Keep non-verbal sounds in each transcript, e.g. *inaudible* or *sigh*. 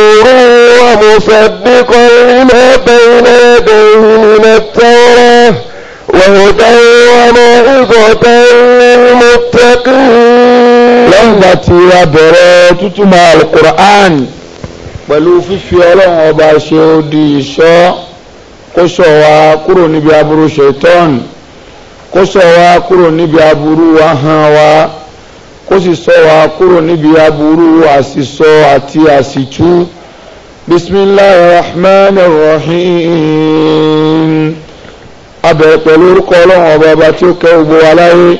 نورا ومصدقا لما بين يديه من التوراة وهدى وموعظة للمتقين lẹ́yìn ìgbà tí a bẹ̀rẹ̀ tútùmọ̀ alukur'an pẹ̀lú fífi ọlọ́run ọba ṣe odi ìṣọ́ kó ṣọ́ wa kúrò níbi aburú ṣetán kó ṣọ́ wa kúrò níbi aburú ahọ́n wa kó sì sọ wa kúrò níbi aburú àsìsọ àti àsìtú bismillahir rahmanir rahim abẹ̀rẹ̀ pẹ̀lú orúkọ ọlọ́run ọba ọba tí ó kẹ́ gbogbo wa láyé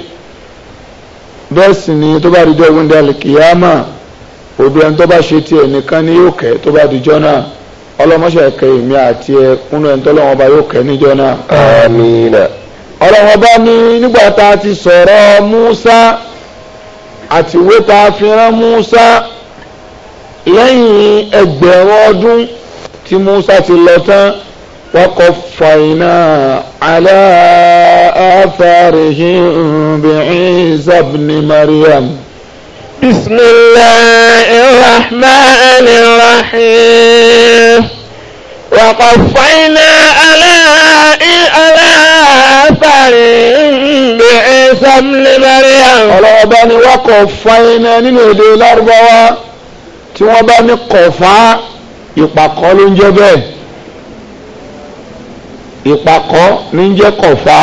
bẹ́ẹ̀ sì ni tó bá dijọ́ ìgbìndé alìkìyàmà òdo ẹni tó bá ṣe tiẹ̀ nìkan ni yóò kẹ́ tó bá dijọ́ náà ọlọ́mọṣẹ́ kẹ́ èmi àti ẹ kúnú ẹni tó lọ́wọ́ ọba yóò kẹ́ níjọ́ náà. àmín. ọba ní nígbà tá a ti sọ̀rọ̀ Musa àti ìwé tá a fi rán Musa lẹ́yìn ẹgbẹ̀rún ọdún tí Musa ti lọ tán wọ́n kọ fàyínà alẹ́ afẹ́rìhìn bìín zabni Maryam. بسم الله الرحمن الرحيم وقفينا على bàrí bí ẹ̀sán lè bàrí àwọn. ọlọ́wọ́ bá ní wọ́n kọ̀ fa iná nínú èdè lárúbáwá tí wọ́n bá ní kọ̀ fa ìpàkọ́ ló ń jẹ́ bẹ́ẹ̀ ìpàkọ́ ló ń jẹ́ kọ̀ fa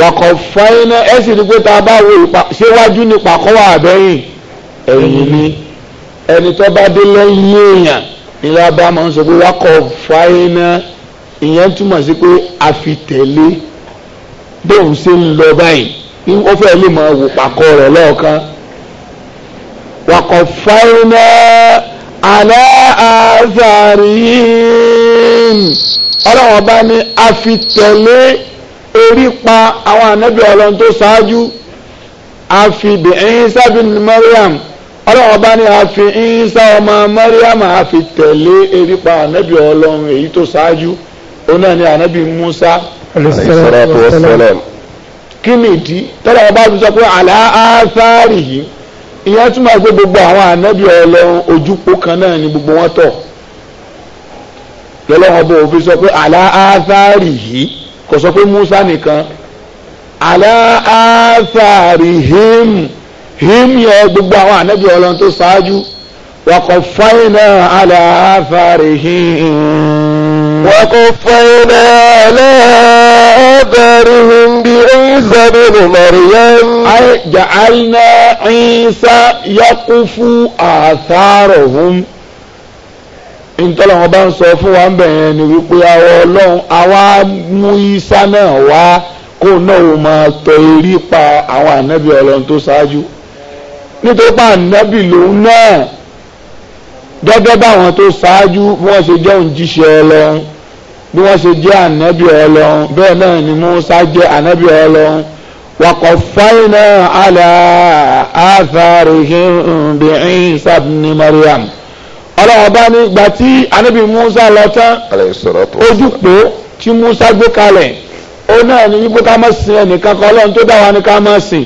wọ́kọ̀ fa iná ẹ̀ sì ní pé tá a bá wo ṣéwájú ní ìpàkọ́ wà bẹ́yìn ẹ̀yìn ni ẹni tó bá dé lẹ́yìn èèyàn ilé abá máa ń sọ pé wákọ̀ fáyínà ìyẹn túmọ̀ sí pé a fi tẹ̀lé bóun ṣe ń lọ báyìí ó fẹ́ lè máa wò pàkọ́ rẹ̀ lọ́ọ̀kan wàkọ̀ fáínà alẹ́ àzàrín ọlọ́wọ́n bá ní a fi orí pa àwọn ànábì ọlọ́run tó ṣáájú a fi bẹ̀ẹ́yìn ọlọ́wọ́n bá ní a fi ọmọ a orí pa ọlọ́run èyí tó ṣáájú ó náà ní Musa. alaihissalatu wassalam kí ni ìdí tọ́lá ọba fi sọ pé àlá áfáàrì yìí ìyẹn túmọ̀ pé gbogbo àwọn ànábì ọlọ́run ojúpó kan náà ni gbogbo wọn tọ̀ lọ́lọ́run ọba òfin sọ pé àlá áfáàrì yìí kò sọ pé Musa nìkan àlá him him yẹ gbogbo àwọn ànábì ọlọ́run tó ṣáájú wàkọ̀ fáìnà àlá áfáàrì him. وقفينا على آثارهم بعيسى بن مريم أي جعلنا عيسى يقف آثارهم ntọ́lọ́wọ́n bá ń sọ fún wa ń bẹ̀rẹ̀ ni wípé àwọn ọlọ́run àwa mú Ìsá náà wá máa tọ eré pa àwọn ànábì ọlọ́run tó ṣáájú nítorí pa ànábì lòun náà gẹ́gẹ́ báwọn tó ṣáájú wọ́n ṣe jẹ́ òǹjíṣẹ́ ọlọ́run bí wọ́n ṣe jẹ́ ànábì ọlọ́run bẹ́ẹ̀ náà ni Musa jẹ́ ànábì ọlọ́run wakọ̀ fáìnà àlà àfàrìhìn bí Isa ní Mariam ọlọ́run bá ní ìgbà tí ànábì Musa lọ tán ojú pé tí Musa gbé kalẹ̀ ó náà ní wípé ká má sin ẹnìkan kan ọlọ́run tó dá wa ní ká má sìn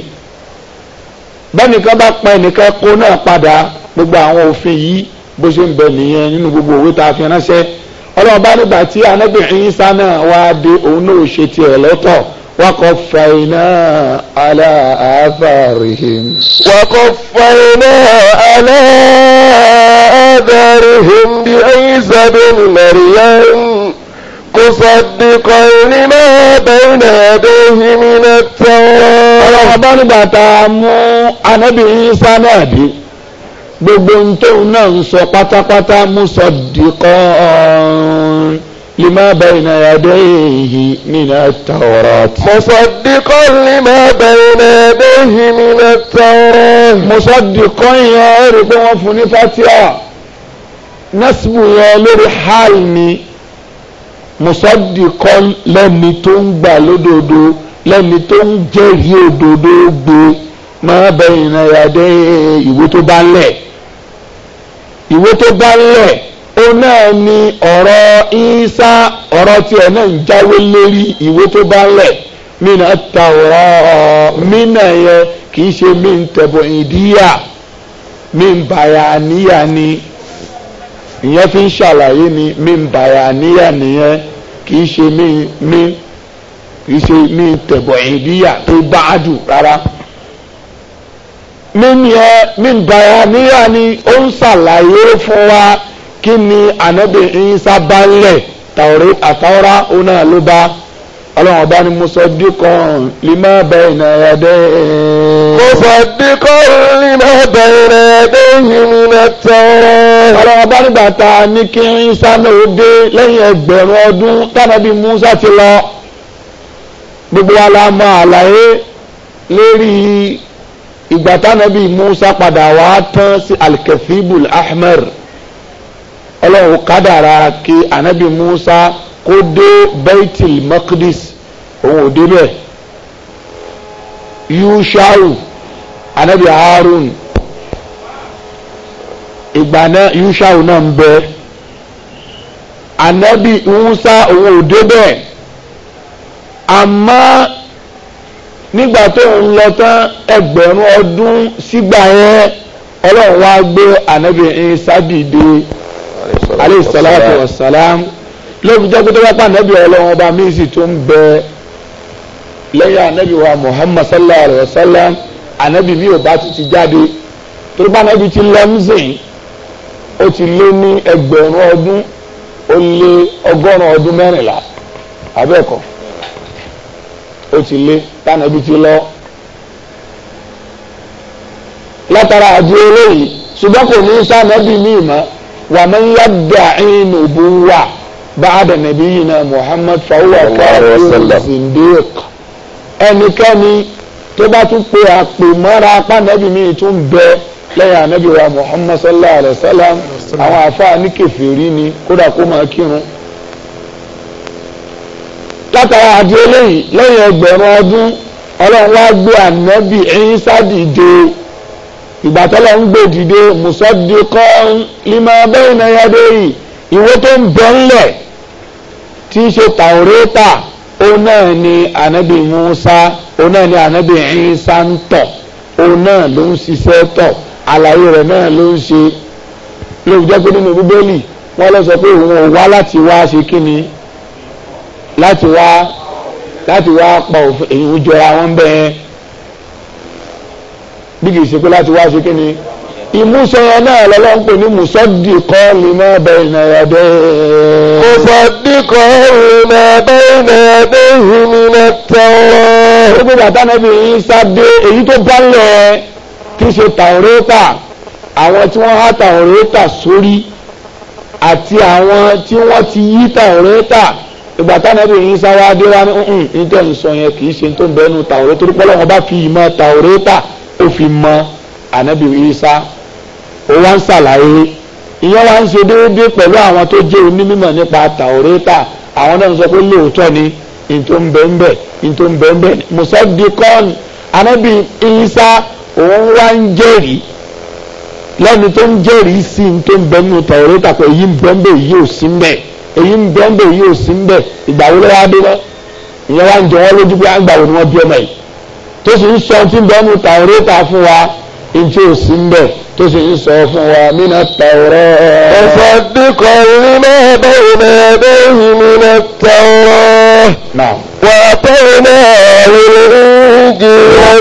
bẹ́nìkan bá pa ẹnìkan kó náà padà gbogbo àwọn òfin yìí bó ṣe ń bẹ nìyẹn nínú gbogbo òwe tá a fi ránṣẹ́ ọlọ́run bá nígbà tí anábì Ìsá náà wá dé òun náà ṣe tiẹ̀ lọ́tọ̀ wakọ̀ fàyínà aláàbàrìhìm. wakọ̀ fàyínà aláàbàrìhìm bí Ìsá bin Maryam musadikọ ìrìnà bẹ́ẹ̀nà àdéhì mi náà tẹ́. ọlọ́run nígbà tá a mú anábì Ìsá náà dé gbogbo ohun tóun náà ń sọ pátápátá musaddiqan lima bayna yadayhi mina tawrat. musaddiqan lima bayna yadayhi mina tawrat. musaddiqan yẹn ó rí pé wọ́n fún ní fatia nasibu yẹn lórí hal ni musaddiqan lẹ́ni tó ń gbà lódodo lẹ́ni tó ń jẹ́rìí òdodo gbé. máa bẹ ìrìnàyàdé ìwé tó bá ń ìwé tó bá ń lẹ̀ ó náà ni ọ̀rọ̀ ìsá ọrọ tiẹ̀ náà ń jáwé lórí ìwé tó bá ń lẹ̀ mina tàwọ̀ mina yẹ kì í ṣe mi ń tẹ̀bọ̀ ìdíyà mi ń bàyà níyà ni ìyẹn fi ń ṣàlàyé ni mi ń bàyà níyà nìyẹn kì í ṣe mi mi ń tẹ̀bọ̀ ìdíyà tó bá dùn rárá. mímìẹ mímìdàyà níyà ni ó ń ṣàlàyé fún wa kí ni ànábì Ìsá bá lẹ̀ tàwọ̀rẹ́ àtàwọ̀rá òun náà ló bá ọlọ́run ọba ni musaddiqan lima bayna yadayhi. musaddiqan lima bayna yadayhi minat tawrat. ọlọ́run ọba nígbà tá a ní kí Ìsá náà ó dé lẹ́yìn ẹgbẹ̀rún ọdún tànàbí Mùsá ti lọ gbogbo wa la mọ àlàyé lérí ìgbà tánàbí Musa padà wá tán sí alkefibul ahmer ọlọ́run kádàrá kí anabi Musa kó dé Baitul Maqdis òun ò débẹ̀ yushau anabi Harun ìgbà náà yushau náà ń bẹ anabi Musa òun ò débẹ̀ àmọ́ nígbà tó ń lọ tán ẹgbẹ̀rún ọdún sígbà yẹn ọlọ́run wá gbé ànábì Ìsá dìde alayhi salatu wassalam lóbi jẹ́ pé tó bá pa ànábì ọlọ́run ọba míì sì tó ń bẹ lẹ́yìn ànábì wa Muhammad sallallahu alayhi wa sallam ànábì mi ò bá ti ti jáde torí bá ànábì ti lẹ́mùsìn ó ti lé ní ẹgbẹ̀rún ọdún ó lé ọgọ́rùn-ún ọdún mẹ́rìnlá abẹ́ẹ̀kọ́ ó ti lé tánàbí ti lọ látara àti eléyìí ṣùgbọ́n kò ní sànàbí ní ìmọ̀ wà máa ń yàgbà ìnù bú wà báàdà nàbí yìí náà Muhammad fawwa káàkiri zindiq ẹnikẹ́ni tó bá tún pe àpè mọ́ra apá nàbí tún bẹ lẹ́yìn ànábì wa Muhammad sallallahu alayhi wa sallam àwọn àfáà ní kèfèrí ni kódà kó máa kírun látara àdí eléyìí lẹ́yìn ẹgbẹ̀rún ọdún ọlọ́run wá gbé ànábì Ìsá dìde ìgbà tọ́lọ́ ń gbé dìde musaddiqan lima bayna yadayhi ìwé tó ń bẹ ńlẹ̀ tí í ṣe tàwórẹ́tà òun náà ni ànábì Mùsá òun náà ni ànábì Ìsá ń tọ̀ òun náà ló ń ṣiṣẹ́ tọ̀ àlàyé rẹ̀ náà ló ń ṣe lóòjẹ́ pé nínú bíbélì wọ́n lọ sọ pé òun ò wá láti wá ṣe kí ni láti wá láti wá pa òfin jọra wọn bẹ́ẹ̀ bí kìí ṣe pé láti wá ṣe kí ni ìmúṣẹ yẹn náà lọ́lọ́run pè ní mùsọ́dìkọ́ lima bayna yadayhi. mùsọ́dìkọ́ lima bayna yadayhi minat Tawrat. ó gbé bàtà náà bí sáde èyí tó bá lẹ̀ kí ṣe Tàórátà àwọn tí wọ́n há Tàórátà sórí àti àwọn tí wọ́n ti yí Tàórátà ìgbà tánábì Ìsá wá dé wá ní nǹkan nítorí ń sọ yẹn kì í ṣe tó ń bẹnu tàwòrán torí pé Ọlọ́hun bá fi ìmọ̀ tàwòrán tà ó fi mọ ànábì Ìsá ó wá ń ṣàlàyé ìyẹn wá ń ṣe déédéé pẹ̀lú àwọn tó jẹ́ onímọ̀ nípa tàwòrán tà àwọn náà ń sọ pé lóòótọ́ ni nítorí ń bẹ ń bẹ nítorí ń bẹ ń bẹ musaddiqan ànábì Ìsá òun wá ń jẹ́rìí lẹ́ni tó ń jẹ́rìí sí ní ń bẹnu ń bẹ ń èyí ń bẹ́ ń bẹ̀ yìí ò sí ń bẹ̀ ìgbà wo ló wá dé náà ìyẹn wá ń jọ wọ́n lójú pé à ń gbà wo ni wọ́n bí ọmọ yìí tó sì ń sọ tí ń bẹ́ẹ̀ mú tàwọ́rẹ́ta fún wa ìjọ ò sí ń bẹ̀ tó sì ń sọ fún wa mínà tàwọ́rẹ́. ẹ̀fọ́ dúkọ̀ ní mẹ́ẹ̀ẹ́dẹ́gbẹ̀ẹ́ mínà tàwọ́rẹ́. رسوله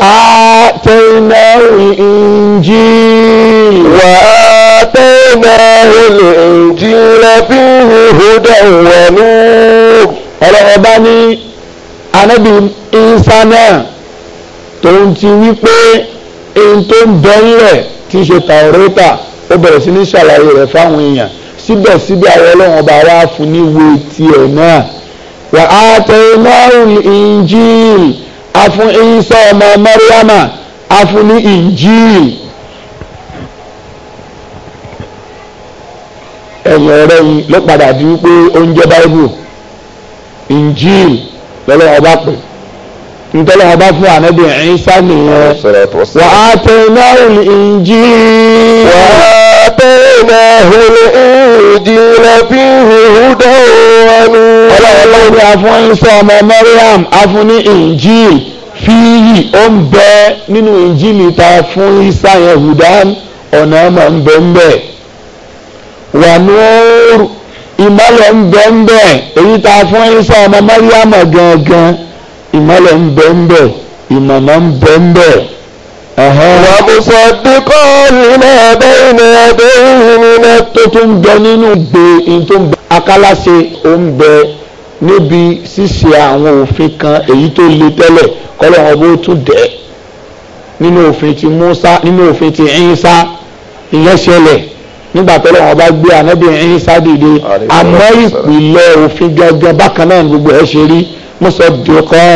وآتينا الإنجيل وآتينا الإنجيل وآتينا الإنجيل فيه هدى ونور ọlọ́ọ̀bá ní anábì ìsá náà tó ń ti wípé ẹni tó ń bẹ́ńlẹ̀ tí í ṣe tàwọ́rẹ́tà ó bẹ̀rẹ̀ sí ní ṣàlàyé rẹ̀ fáwọn èèyàn síbẹ̀síbẹ̀ àwọn ọlọ́run ọba wa fún níwe tiẹ̀ náà wà á tẹ̀yìnáhùn injil afún isa ọmọ mẹ́ríàmà afún ní injil. ẹ̀yìn ọ̀rẹ́ yìí ló padà di wípé oúnjẹ báíbù injil lọ́lọ́ ọba pè ntọ́lọ́ ọba fún ànábì Ìsá nìyẹn wà á tẹ̀yìnáhùn injil ìlànà ìdílé bí ìhúdọ̀ ọ̀nù. ọlọ́run ní afún ìsọ ọmọ Mariam afún ní Injil fi yìí ó ń bẹ nínú Injil ta fún ìsá yẹn hudan ọ̀nà ọmọ ń bẹ ń bẹ wà nùúrù ìmọ̀lẹ̀ ń bẹ ń bẹ èyí ta fún ìsọ ọmọ Mariam gangan ìmọ̀lẹ̀ ń bẹ ń bẹ ìmọ̀nà ń bẹ ń bẹ wàmùsọ̀díkọ́ nínú ẹ̀bẹ́ ìnà ẹ̀bẹ́ ìrìnà tó tún bẹ nínú gbé in tó ń bẹ akálàṣe ó ń bẹ níbi ṣíṣe àwọn òfin kan èyí tó le tẹ́lẹ̀ kọ́lọ́ ọba ó tún dẹ̀ nínú òfin ti Musa nínú òfin ti Isa ìyẹn ṣẹlẹ̀ nígbà tọ́lọ́ ọba gbé ànábì Isa dìde àmọ́ ìpìlẹ̀ òfin gangan bákan náà gbogbo ẹ̀ ṣe rí. مصدقا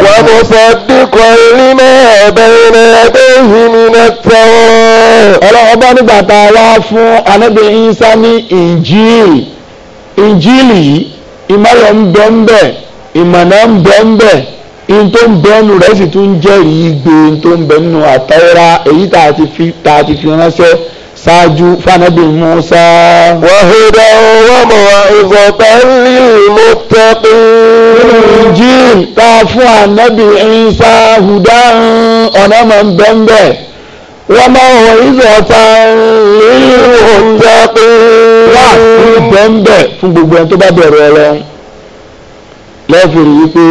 ومصدقا لما بين يديه من التوراة ọlọ́ọ̀bá nígbà tá a wá fún anábì Ìsá ní ìnjíìlì ìnjíìlì yìí ìmọ̀lẹ̀ ń bẹ ń bẹ ìmọ̀nà ń bẹ ń bẹ tó ń bẹ nù rẹ̀ sì tún jẹ́rìí gbé ihun tó ń bẹ nù àtàwọ́ra èyí tá a ti fi ránṣẹ́ ṣáájú fanabi musa. wàhídà ọlọ́mọ ìfọ̀tẹ́lì ló tẹ́pẹ́. injil ta fún anabi isa huda ọ̀nà mọ̀ ń bẹ́ńbẹ́ wọ́n máa ń wọ ìfọ̀tẹ́lì ló tẹ́pẹ́. wá fún bẹ́ńbẹ́ fún gbogbo ẹni tó bá bẹ̀rù Ọlọ́run lẹ́ẹ̀fì rí pé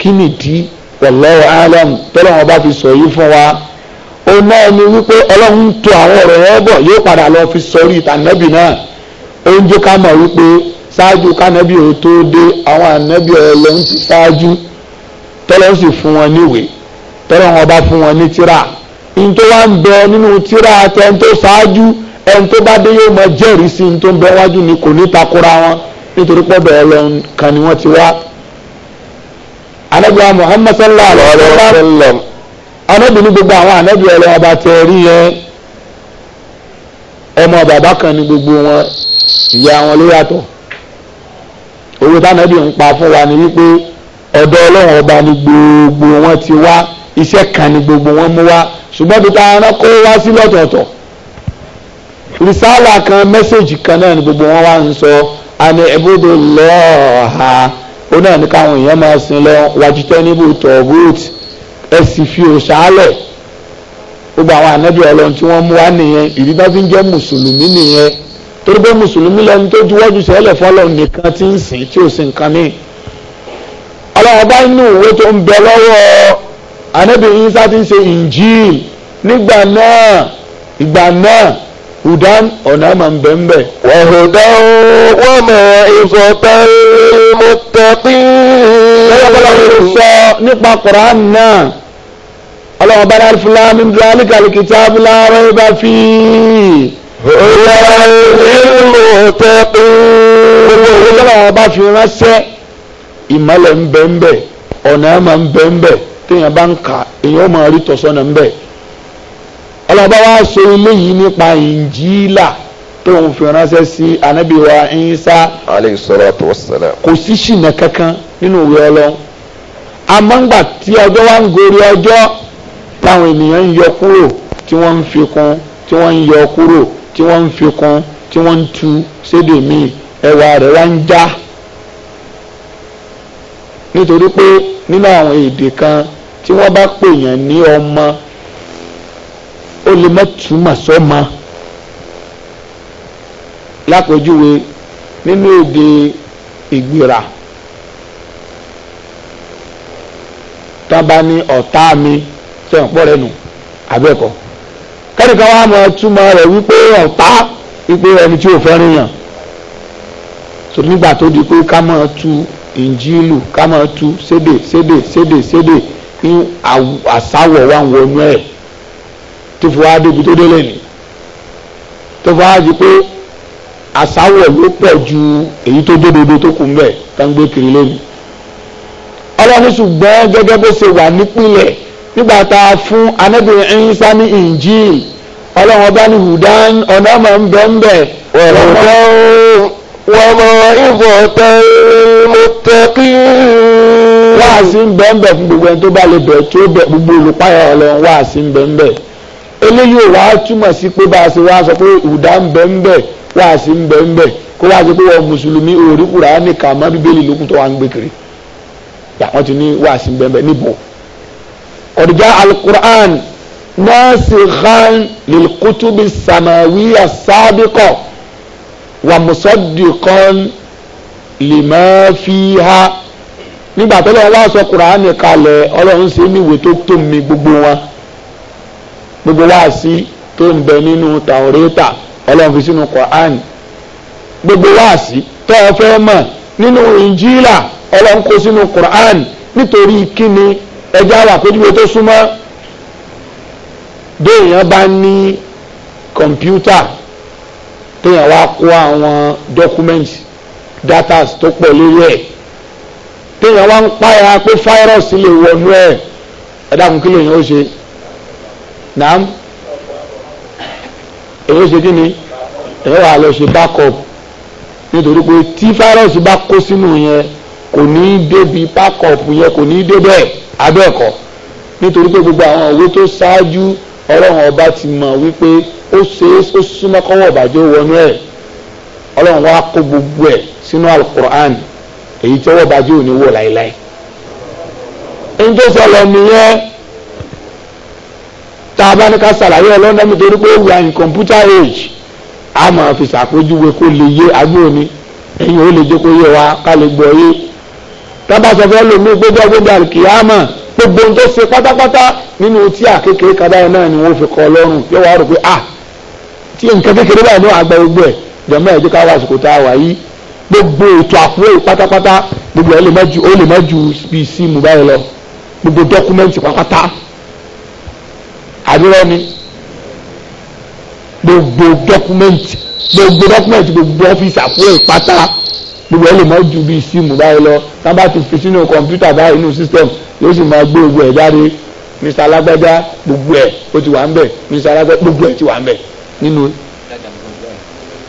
kí nìdí wallahu alam tọ́lọ́wọ́n bá fi sọ yìí fún wa òun náà ni wípé ọlọ́run ń to àwọn ọ̀rọ̀ yẹn bọ̀ yóò padà lọ fi sọrí ìtànẹ́bì náà oúnjẹ ká mọ̀ wípé ṣáájú kánẹ́bì ò tó dé àwọn ànẹ́bì ọlọ́run ti ṣáájú tọ́lọ́run sì fún wọn níwèé tọ́lọ́run ọba fún wọn ní tíra ní tó wá ń bẹ nínú tíra tẹ́ni tó ṣáájú ẹni tó bá dé yóò mọ jẹ́rìí sí ní tó ń bẹ wájú ni kò ní takora wọn nítorí pọ́bẹ̀ ọlọ́run kan ni wọ́n ti wá. anábìá Muhammad sallallahu alayhi wa sallam anábì ní gbogbo àwọn anábì ọlọ́wọ́ bá tẹ rí yẹn ọmọ bàbá kan ní gbogbo wọn ìyá wọn ló yàtọ̀ owó tánàbì ń pa fún wa ni wípé ọ̀dọ̀ ọlọ́run ọba ni gbogbo wọn ti wá iṣẹ́ kan ni gbogbo wọn mú wá ṣùgbọ́n bí ta ẹran kó wá sí lọ́tọ̀ọ̀tọ̀ rìsáàlà kan mẹ́sẹ̀jì kan náà ni gbogbo wọn wá ń sọ àní ẹ̀bùdó lọ́ọ̀ha ó náà ní káwọn èèyàn máa sin lọ wájú tẹ́ níbù tọ̀bùtì ẹ sì fi òṣàlẹ̀ gbogbo àwọn ànábì ọlọ́run tí wọ́n mú wá nìyẹn ìdí tó fi ń jẹ́ mùsùlùmí nìyẹn torí pé mùsùlùmí lẹni tó juwọ́jú sẹ́lẹ̀ fọlọ́run nìkan tí ń sìn tí ò sí nǹkan míì ọlọ́run bá nínú ìwé tó ń bẹ lọ́wọ́ ànábì Ìsá ti ń ṣe Injil nígbà náà ìgbà náà hudan ọ̀nà àmà ń bẹ̀ ń bẹ̀. wàhùdán wọ́n mọ̀ ìfọ̀tà mọ̀tàkì. sọ nípa quran náà ọlọ́wọ́ bá dáa fúlá mi dúró alíkàlùkìtà fúlá rẹ̀ bá fi. ìlà ìlmọ̀tàkì. gbogbo òwe lọ́wọ́ bá fi ránṣẹ́ ìmọ̀lẹ̀ ń bẹ̀ ń ọ̀nà àmà ń téèyàn bá ń kà èèyàn máa rí tọ̀sọ́nà ń ọlọ́ba wa ṣe eléyìí nípa ìnjílà tó ń fi ránṣẹ́ sí anabi wa Isa. aleyhi salatu wassalam. kò sí ṣìnà kankan nínú ìwé ọlọ́run amọ́ngbà tí ọjọ́ wa ń gorí ọjọ́ táwọn ènìyàn ń yọ kúrò tí wọ́n ń fi kún tí wọ́n ń yọ kúrò tí wọ́n ń fi kún tí wọ́n ń tu sédè míì ẹwà rẹ̀ wá ń já nítorí pé nínú àwọn èdè kan tí wọ́n bá pèèyàn ní ọmọ ó lè má túmọ̀ sọ́mọ lápòjúwe nínú èdè ìgbìrà tábà ní ọ̀tá mi sẹ́wọ̀n pọ̀ rẹ̀ nù abẹ́kọ̀ kẹ́nìkan wá mọ̀ túmọ̀ rẹ̀ wípé ọ̀tá wípé ẹni tí ò fẹ́ràn yàn so nígbà tó di pé ká máa tú ìnjílù ká máa tú sédè sédè sédè sédè àsáwọ̀ wà wọnú ẹ̀ tó fi wá débi tó délé ni tó fi wá di pé àsáwọ̀ ló pọ̀ ju èyí tó dódodo tó kù ń bẹ̀ tá ń gbé kiri lónìí ọlọ́ni ṣùgbọ́n gẹ́gẹ́ bó ṣe wà nípìnlẹ̀ nígbà tá a fún Ànábì Ìsá ní Injil ọlọ́run ọba ní hudan ọ̀nà máa ń bẹ̀ ń bẹ̀ ọ̀rọ̀ kan wọ́n mọ ìbọn tẹ́ mo tẹ́ kí wáàsí ń bẹ̀ ń bẹ̀ fún gbogbo ẹni tó bá lè bẹ̀ tó bẹ̀ gbogbo olùpáyà ọlọ́run wáàsí ń bẹ̀ ń bẹ̀ eléyìí ò wá túmọ̀ sí pé bá a ṣe wá sọ pé ìwúdà ń bẹ ń bẹ wá sí ń bẹ ń bẹ kó wá sí pé wọn mùsùlùmí òòrí Kùránì kà mọ́ bíbélì lókun tó wà ń gbé kiri àwọn ti ní wá sí ń bẹ ń bẹ níbo ọ̀dùjá alukur'an nasikhan lilkutubi samawiya sabiqa wa musaddiqan lima nígbà tó lọ́wọ́ wá sọ Kùránì kalẹ̀ ọlọ́run ṣe ní ìwé tó tó mi gbogbo wọn gbogbo wáàsí tó ń bẹ nínú tàwórẹ́tà ọlọ́run fi sínú Quran gbogbo wáàsí tó o fẹ́ mọ̀ nínú Injila ọlọ́run kó sínú Quran nítorí kíni ẹjẹ́ àwọn àpéjúwe tó súnmọ́ déèyàn bá ní kọ̀mpútà téèyàn wá kó àwọn dọ́kúmẹ́ǹtì datas tó pọ̀ lórí ẹ̀ téèyàn wá ń páyà pé fáírọ̀sì lè wọnú ẹ̀ ẹ̀dá kún kí lèèyàn ó ṣe naam èyí ṣe kí ni ẹ wà lọ ṣe backup nítorí pé tí fáírọ́ọ̀sì bá kó sínú yẹn kò ní í débi backup yẹn kò ní í débẹ̀ abẹ́ẹ̀kọ́ nítorí pé gbogbo àwọn òwe tó ṣáájú ọlọ́run ọba ti mọ̀ wípé ó ṣe é ó súnmọ́ kọ́wọ́ ọ̀bàjẹ́ wọnú ẹ̀ ọlọ́run wa kó gbogbo ẹ̀ sínú alukur'an èyí tí ọwọ́ ọbàjẹ́ ò ní wọ̀ láéláé. ń tó sọ lọ nìyẹn tá a bá ní ká ṣàlàyé ọlọ́dún nítorí pé we are in computer age a máa fi ṣàpèjúwe kó lè yé agbóhùnni ẹ̀yin ò lè jẹ́ kó yé wa ká lè gbọ́ yé tábà sọ fẹ́ lòmí gbogbo gbogbo àlùkìyàmà gbogbo ohun tó ṣe pátápátá nínú tí àkékeré kan náà ni wọ́n fi kọ́ ọlọ́run yóò wá rò pé ah tí nǹkan kékeré báyìí náà àgbà gbogbo ẹ̀ jọ̀mọ́ ẹ̀jẹ̀ ká wá àsìkò tá a wà yìí gbogbo ètò àkúrò pátápátá gbogbo ẹ̀ ó lè má ju bí síìmù báyìí lọ gbogbo dọ́kúmẹ́ǹtì pátápátá àdúrà ni gbogbo dọkumẹ́ntì gbogbo dọkumẹ́ntì gbogbo ọ́fíìsì àpò ìpátá gbogbo ẹ lè mọ ju bíi síìmù báyìí lọ sábà ti fi sínú kọ̀ǹpútà báyìí nínú sísítẹ̀m yóò sì máa gbé gbogbo ẹ̀ jáde mr alágbájá gbogbo ẹ̀ ó ti wà ń bẹ̀ mr alágbájá gbogbo ẹ̀ ti wà ń bẹ̀ nínú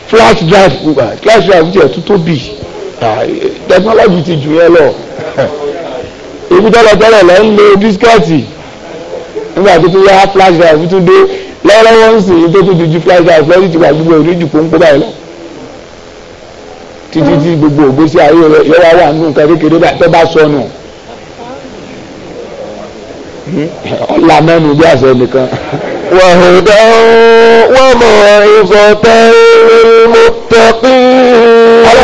flash drive flash drive tiẹ̀ tún tóbi technology ti jù yẹn lọ ibi *laughs* tẹ́lẹ̀ tẹ́lẹ̀ lọ ń lo dískẹ́ẹ̀tì nígbà tó tún yá flash drive tún dé lọ́wọ́lọ́wọ́ ń sìn tó tún ju ju flash drive lọ́sí ti wà gbogbo ìrújù pọ́npọ́ báyìí lọ títí tí gbogbo ògbésí ayé rẹ yọ wá wà nù nǹkan kékeré tó bá sọnù hmm? ọ̀la mẹ́nu bí àṣẹ nìkan. wàhùdà wàmọ̀ ìfọ̀tẹ́ ìlú mọ́tàkì.